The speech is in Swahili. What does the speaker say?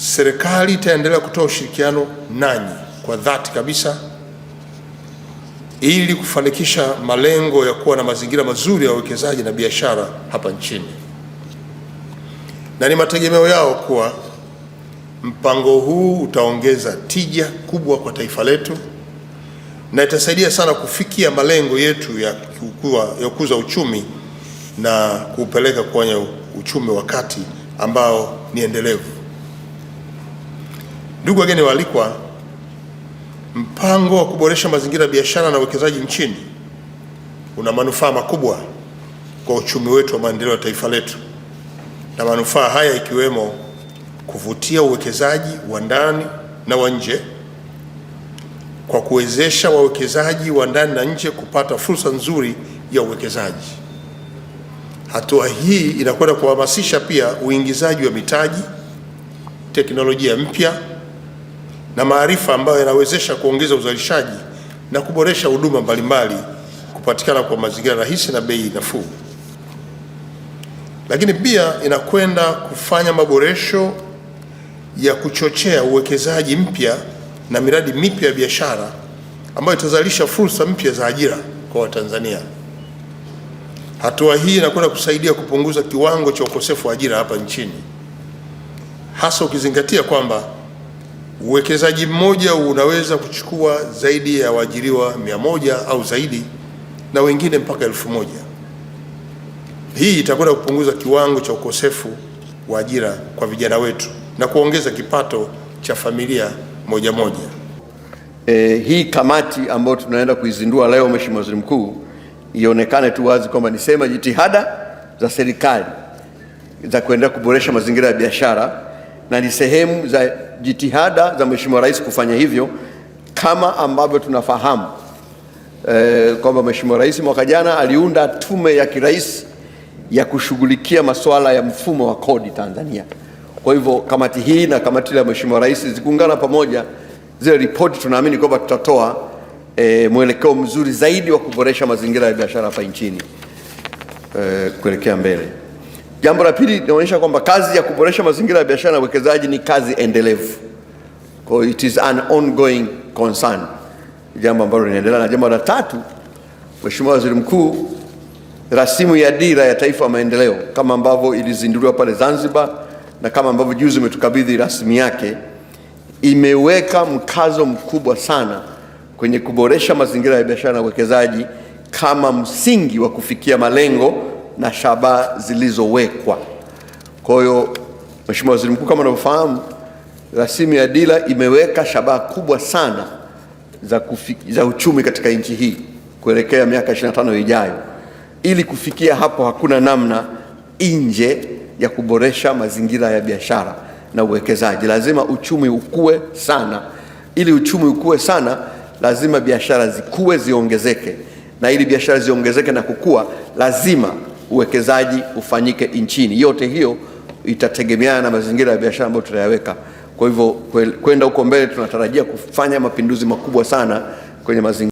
serikali itaendelea kutoa ushirikiano nanyi kwa dhati kabisa ili kufanikisha malengo ya kuwa na mazingira mazuri ya uwekezaji na biashara hapa nchini, na ni mategemeo yao kuwa mpango huu utaongeza tija kubwa kwa taifa letu na itasaidia sana kufikia malengo yetu ya kukuza uchumi na kuupeleka kwenye uchumi wa kati ambao ni endelevu. Ndugu wageni waalikwa, mpango wa kuboresha mazingira ya biashara na uwekezaji nchini una manufaa makubwa kwa uchumi wetu wa maendeleo ya taifa letu, na manufaa haya ikiwemo kuvutia uwekezaji wa ndani na wa nje kwa kuwezesha wawekezaji wa ndani na nje kupata fursa nzuri ya uwekezaji. Hatua hii inakwenda kuhamasisha pia uingizaji wa mitaji, teknolojia mpya na maarifa ambayo yanawezesha kuongeza uzalishaji na kuboresha huduma mbalimbali kupatikana kwa mazingira rahisi na bei nafuu. Lakini pia inakwenda kufanya maboresho ya kuchochea uwekezaji mpya na miradi mipya ya biashara ambayo itazalisha fursa mpya za ajira kwa Watanzania. Hatua hii inakwenda kusaidia kupunguza kiwango cha ukosefu wa ajira hapa nchini, hasa ukizingatia kwamba Uwekezaji mmoja unaweza kuchukua zaidi ya waajiriwa mia moja au zaidi na wengine mpaka elfu moja. Hii itakwenda kupunguza kiwango cha ukosefu wa ajira kwa vijana wetu na kuongeza kipato cha familia moja moja. E, hii kamati ambayo tunaenda kuizindua leo, Mheshimiwa Waziri Mkuu, ionekane tu wazi kwamba nisema jitihada za serikali za kuendelea kuboresha mazingira ya biashara na ni sehemu za jitihada za Mheshimiwa Rais kufanya hivyo kama ambavyo tunafahamu e, kwamba Mheshimiwa Rais mwaka jana aliunda tume ya kirais ya kushughulikia masuala ya mfumo wa kodi Tanzania. Kwa hivyo kamati hii na kamati ya Mheshimiwa Rais zikuungana pamoja, zile ripoti tunaamini kwamba tutatoa e, mwelekeo mzuri zaidi wa kuboresha mazingira ya biashara hapa nchini e, kuelekea mbele. Jambo la pili linaonyesha kwamba kazi ya kuboresha mazingira ya biashara na uwekezaji ni kazi endelevu. Kwa hiyo it is an ongoing concern, jambo ambalo linaendelea. Na jambo la tatu, Mheshimiwa Waziri Mkuu, rasimu ya dira ya taifa ya maendeleo kama ambavyo ilizinduliwa pale Zanzibar na kama ambavyo juzi umetukabidhi rasimu yake, imeweka mkazo mkubwa sana kwenye kuboresha mazingira ya biashara na uwekezaji kama msingi wa kufikia malengo na shabaha zilizowekwa. Kwa hiyo Mheshimiwa Waziri Mkuu, kama unavyofahamu, rasimu ya dira imeweka shabaha kubwa sana za, kufiki, za uchumi katika nchi hii kuelekea miaka 25 ijayo. Ili kufikia hapo, hakuna namna nje ya kuboresha mazingira ya biashara na uwekezaji. Lazima uchumi ukue sana. Ili uchumi ukue sana, lazima biashara zikue, ziongezeke, na ili biashara ziongezeke na kukua, lazima uwekezaji ufanyike nchini. Yote hiyo itategemeana na mazingira ya biashara ambayo tutayaweka. Kwa hivyo kwenda huko mbele, tunatarajia kufanya mapinduzi makubwa sana kwenye mazingira